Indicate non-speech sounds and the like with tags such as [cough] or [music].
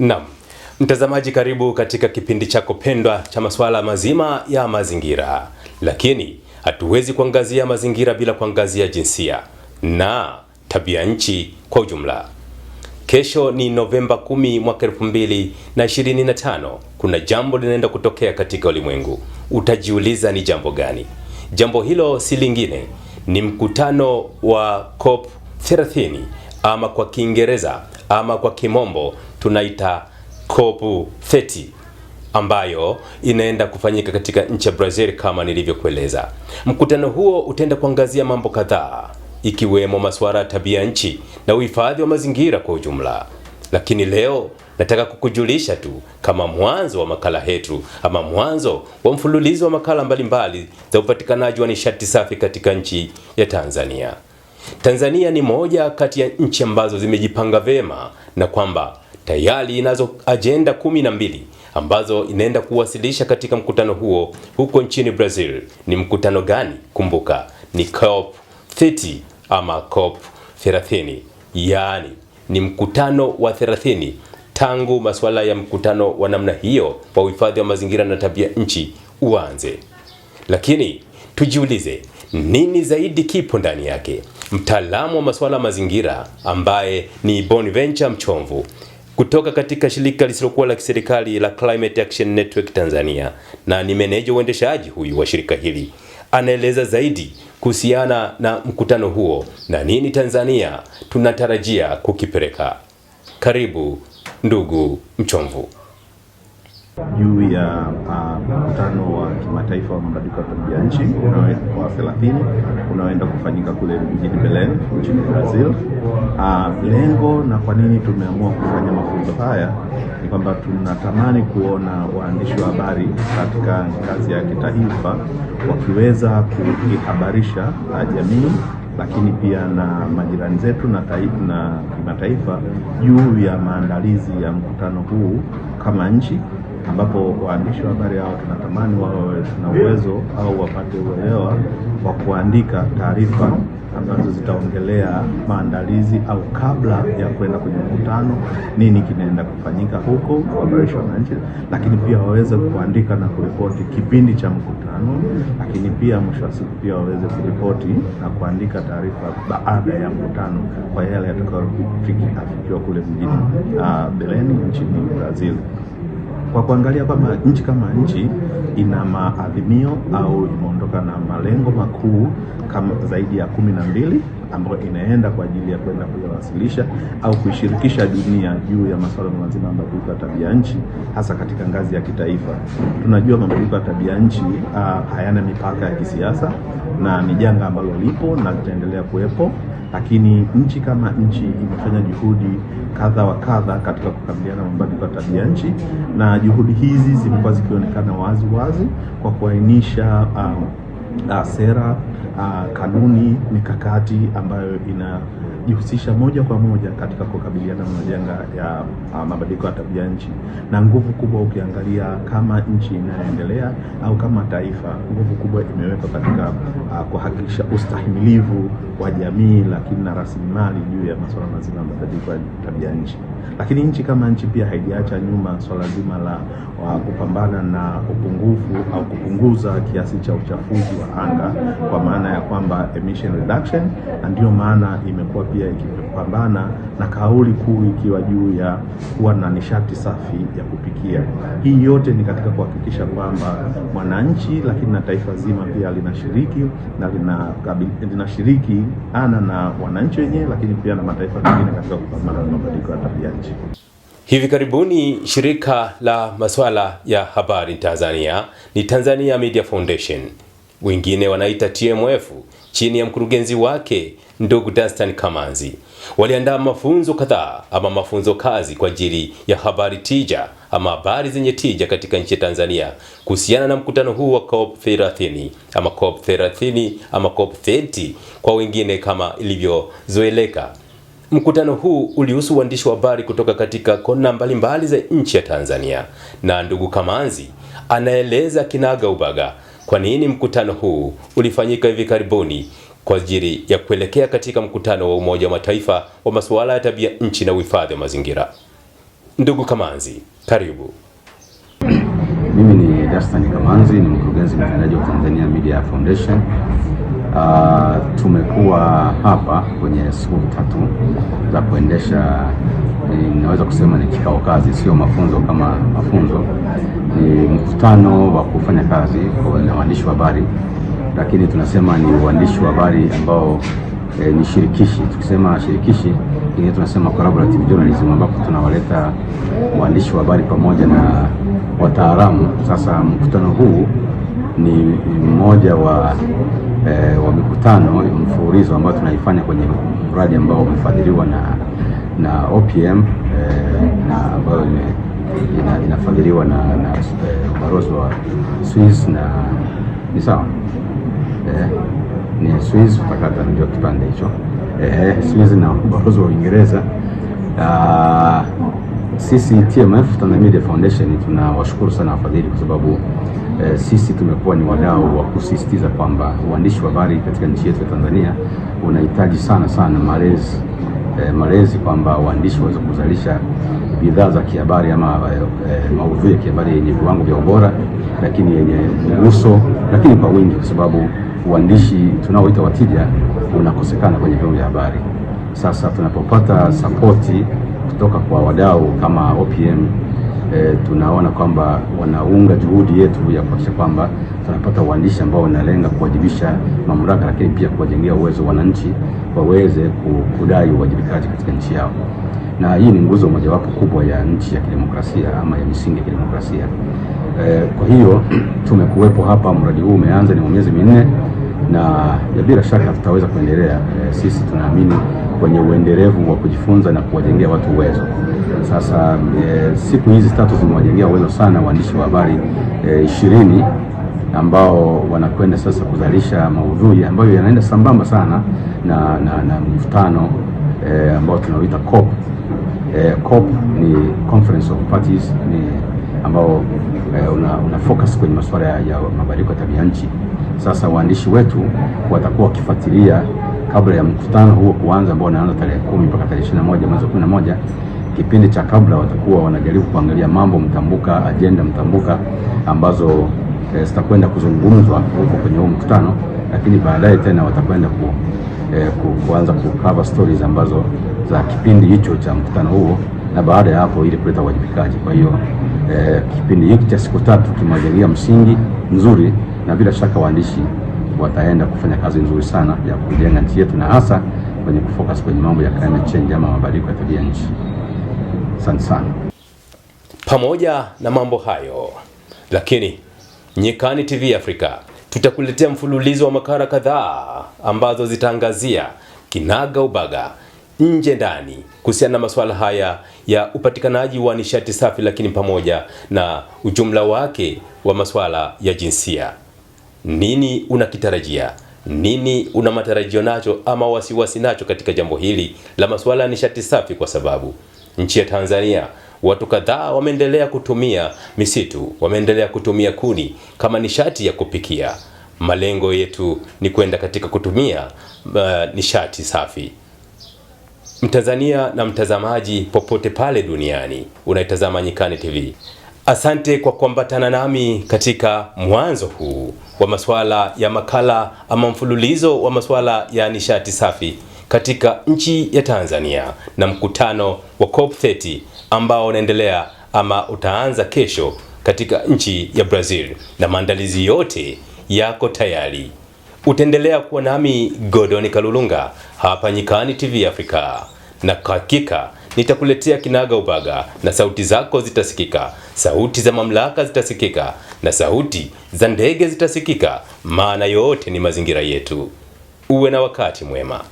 Naam. Mtazamaji, karibu katika kipindi chako pendwa cha masuala mazima ya mazingira, lakini hatuwezi kuangazia mazingira bila kuangazia jinsia na tabia nchi kwa ujumla. Kesho ni Novemba 10 mwaka 2025. Kuna jambo linaenda kutokea katika ulimwengu. Utajiuliza ni jambo gani? Jambo hilo si lingine, ni mkutano wa COP 30 ama kwa Kiingereza ama kwa kimombo tunaita COP 30 ambayo inaenda kufanyika katika nchi ya Brazil kama nilivyokueleza. Mkutano huo utaenda kuangazia mambo kadhaa ikiwemo masuala ya tabia nchi na uhifadhi wa mazingira kwa ujumla. Lakini leo nataka kukujulisha tu kama mwanzo wa makala yetu ama mwanzo wa mfululizo wa makala mbalimbali za upatikanaji wa nishati safi katika nchi ya Tanzania. Tanzania ni moja kati ya nchi ambazo zimejipanga vema na kwamba tayari inazo ajenda kumi na mbili ambazo inaenda kuwasilisha katika mkutano huo huko nchini Brazil. Ni mkutano gani? Kumbuka ni COP 30 ama COP 30, yaani ni mkutano wa 30 tangu masuala ya mkutano wa namna hiyo wa uhifadhi wa mazingira na tabia nchi uanze. Lakini tujiulize nini zaidi kipo ndani yake? Mtaalamu wa masuala ya mazingira ambaye ni Bonaventure Mchomvu kutoka katika shirika lisilokuwa la kiserikali la Climate Action Network Tanzania, na ni meneja uendeshaji huyu wa shirika hili. Anaeleza zaidi kuhusiana na mkutano huo na nini Tanzania tunatarajia kukipeleka. Karibu ndugu Mchomvu juu ya uh, mkutano uh, wa kimataifa wa mabadiliko ya tabia nchi wa 30 unaoenda kufanyika kule mjini belen nchini Brazil. Uh, lengo na kwa nini tumeamua kufanya mafunzo haya ni kwamba tunatamani kuona waandishi wa habari katika ngazi ya kitaifa wakiweza kuihabarisha uh, jamii lakini pia na majirani zetu na taifa na kimataifa juu ya maandalizi ya mkutano huu kama nchi ambapo waandishi wa habari hao tunatamani wawe na uwezo au wapate uelewa wa kuandika taarifa ambazo zitaongelea maandalizi au kabla ya kwenda kwenye mkutano, nini kinaenda kufanyika huko, kuhabarisha wananchi, lakini pia waweze kuandika na kuripoti kipindi cha mkutano, lakini pia mwisho wa siku pia waweze kuripoti na kuandika taarifa baada ya mkutano kwa yale yatakayofikiwa kule mjini uh, Beleni nchini Brazil kwa kuangalia kwamba nchi kama nchi ina maadhimio au imeondoka na malengo makuu kama zaidi ya kumi na mbili ambayo inaenda kwa ajili ya kwenda kuyawasilisha au kuishirikisha dunia juu ya masuala mazima ya mabadiliko ya tabia nchi, hasa katika ngazi ya kitaifa. Tunajua mabadiliko ya tabia nchi uh, hayana mipaka ya kisiasa na ni janga ambalo lipo na litaendelea kuwepo lakini nchi kama nchi imefanya juhudi kadha wa kadha katika kukabiliana na mabadiliko ya tabia nchi, na juhudi hizi zimekuwa zikionekana wazi wazi kwa kuainisha uh, uh, sera uh, kanuni, mikakati ambayo ina kujihusisha moja kwa moja katika kukabiliana na majanga ya ah, mabadiliko ya tabia nchi, na nguvu kubwa, ukiangalia kama nchi inayoendelea au kama taifa, nguvu kubwa imewekwa katika uh, kuhakikisha ustahimilivu wa jamii, lakini na rasilimali juu ya masuala mazima ya mabadiliko ya tabia nchi. Lakini nchi kama nchi pia haijaacha nyuma swala zima la ah, kupambana na upungufu au kupunguza kiasi cha uchafuzi wa anga, kwa maana ya kwamba emission reduction, na ndiyo maana imekuwa pia pia ikipambana na kauli kuu ikiwa juu ya kuwa na nishati safi ya kupikia. Hii yote ni katika kuhakikisha kwamba mwananchi, lakini na taifa zima pia linashiriki na linashiriki ana na wananchi wenyewe, lakini pia na mataifa mengine katika kupambana na mabadiliko ya tabia nchi. Hivi karibuni shirika la masuala ya habari Tanzania ni Tanzania Media Foundation, wengine wanaita TMF, chini ya mkurugenzi wake ndugu Dastan Kamanzi waliandaa mafunzo kadhaa ama mafunzo kazi kwa ajili ya habari tija ama habari zenye tija katika nchi ya Tanzania kuhusiana na mkutano huu wa COP 30 ama COP 30 ama COP 30 kwa wengine kama ilivyozoeleka. Mkutano huu ulihusu uandishi wa habari kutoka katika kona mbalimbali za nchi ya Tanzania, na ndugu Kamanzi anaeleza kinaga ubaga kwa nini mkutano huu ulifanyika hivi karibuni kwa ajili ya kuelekea katika mkutano wa Umoja wa Mataifa wa masuala ya tabia nchi na uhifadhi wa mazingira. Ndugu Kamanzi, karibu. Mimi ni Dastan Kamanzi, ni mkurugenzi mtendaji wa Tanzania Media Foundation. Uh, tumekuwa hapa kwenye siku tatu za kuendesha, ninaweza kusema ni kikao kazi, sio mafunzo kama mafunzo, ni mkutano wa kufanya kazi na waandishi wa habari lakini tunasema ni uandishi wa habari ambao e, ni shirikishi. Tukisema shirikishi ingine tunasema collaborative journalism, ambapo tunawaleta waandishi wa habari pamoja na wataalamu. Sasa mkutano huu ni mmoja wa e, wa mikutano mfululizo ambayo tunaifanya kwenye mradi ambao umefadhiliwa na na OPM e, eh, na ambayo inafadhiliwa na ubalozi wa Swiss na ni sawa eh, ni Swiss, utakata ndio kipande hicho eh, Swiss na ubalozi wa Uingereza. Uh, sisi TMF Tanzania Media Foundation tunawashukuru sana wafadhili kwa sababu eh, sisi tumekuwa ni wadau wa kusisitiza kwamba uandishi wa habari katika nchi yetu ya Tanzania unahitaji sana sana malezi eh, malezi kwamba waandishi waweze kuzalisha bidhaa za kihabari ama eh, maudhui ya kihabari yenye viwango vya ubora, lakini yenye mguso, lakini kwa wingi kwa sababu uandishi tunaoita watija unakosekana kwenye vyombo vya habari. Sasa tunapopata sapoti kutoka kwa wadau kama OPM e, eh, tunaona kwamba wanaunga juhudi yetu ya kuhakikisha kwamba tunapata uandishi ambao unalenga kuwajibisha mamlaka, lakini pia kuwajengea uwezo wananchi waweze kudai uwajibikaji katika nchi yao, na hii ni nguzo mojawapo kubwa ya nchi ya kidemokrasia ama ya misingi ya kidemokrasia. E, kwa hiyo [clears throat] tumekuwepo hapa, mradi huu umeanza ni miezi minne na bila shaka tutaweza kuendelea. E, sisi tunaamini kwenye uendelevu wa kujifunza na kuwajengea watu uwezo. Sasa e, siku hizi tatu zimewajengea uwezo sana waandishi wa habari e, ishirini ambao wanakwenda sasa kuzalisha maudhui ambayo yanaenda sambamba sana na, na, na mkutano e, ambao tunaoita COP. E, COP ni Conference of Parties ni ambao e, una, una focus kwenye masuala ya mabadiliko ya tabia nchi. Sasa waandishi wetu watakuwa wakifuatilia kabla ya mkutano huo kuanza, ambao unaanza tarehe kumi mpaka tarehe ishirini na moja mwezi wa kumi na moja. Kipindi cha kabla watakuwa wanajaribu kuangalia mambo mtambuka, ajenda mtambuka ambazo eh, zitakwenda kuzungumzwa huko kwenye huo mkutano, lakini baadaye tena watakwenda ku, eh, ku, kuanza kukava stories ambazo za kipindi hicho cha mkutano huo, na baada ya hapo ili kuleta uwajibikaji. Kwa hiyo eh, kipindi hiki cha siku tatu kimewajalia msingi mzuri na bila shaka waandishi wataenda kufanya kazi nzuri sana ya kujenga nchi yetu na hasa kwenye kufocus kwenye mambo ya climate change ama mabadiliko ya tabia nchi. Asante sana. Pamoja na mambo hayo, lakini Nyikani TV Afrika tutakuletea mfululizo wa makala kadhaa ambazo zitaangazia kinaga ubaga nje ndani kuhusiana na masuala haya ya upatikanaji wa nishati safi, lakini pamoja na ujumla wake wa masuala ya jinsia nini unakitarajia, nini una matarajio nacho ama wasiwasi nacho katika jambo hili la masuala ya nishati safi, kwa sababu nchi ya Tanzania watu kadhaa wameendelea kutumia misitu, wameendelea kutumia kuni kama nishati ya kupikia. Malengo yetu ni kwenda katika kutumia uh, nishati safi. Mtanzania na mtazamaji popote pale duniani, unaitazama Nyikani TV. Asante kwa kuambatana nami katika mwanzo huu wa masuala ya makala ama mfululizo wa masuala ya nishati safi katika nchi ya Tanzania na mkutano wa COP30 ambao unaendelea ama utaanza kesho katika nchi ya Brazil na maandalizi yote yako tayari. Utaendelea kuwa nami Godoni Kalulunga hapa Nyikani TV Afrika na hakika nitakuletea kinaga ubaga, na sauti zako zitasikika, sauti za mamlaka zitasikika, na sauti za ndege zitasikika, maana yote ni mazingira yetu. Uwe na wakati mwema.